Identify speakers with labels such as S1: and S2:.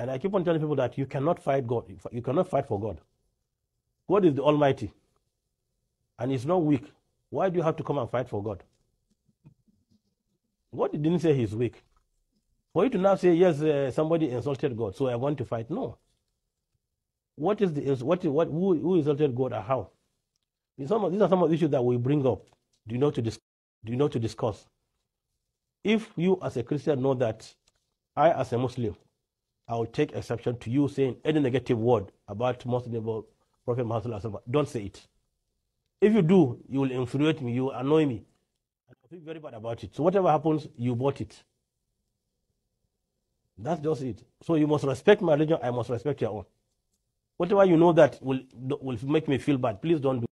S1: And I keep on telling people that you cannot fight God. You cannot fight for God. God is the Almighty. And He's not weak. Why do you have to come and fight for God? God didn't say He's weak. For you to now say, yes, uh, somebody insulted God, so I want to fight. No. What is the what, what who, who insulted God or how? these are some of the issues that we bring up. Do you know to Do you know to discuss? If you as a Christian know that I as a Muslim I will take exception to you saying any negative word about most noble Prophet Muhammad. Don't say it. If you do, you will infuriate me, you will annoy me. I feel very bad about it. So whatever happens, you bought it. That's just it. So you must respect my religion, I must respect your own. Whatever you know that will, will make me
S2: feel bad, please don't do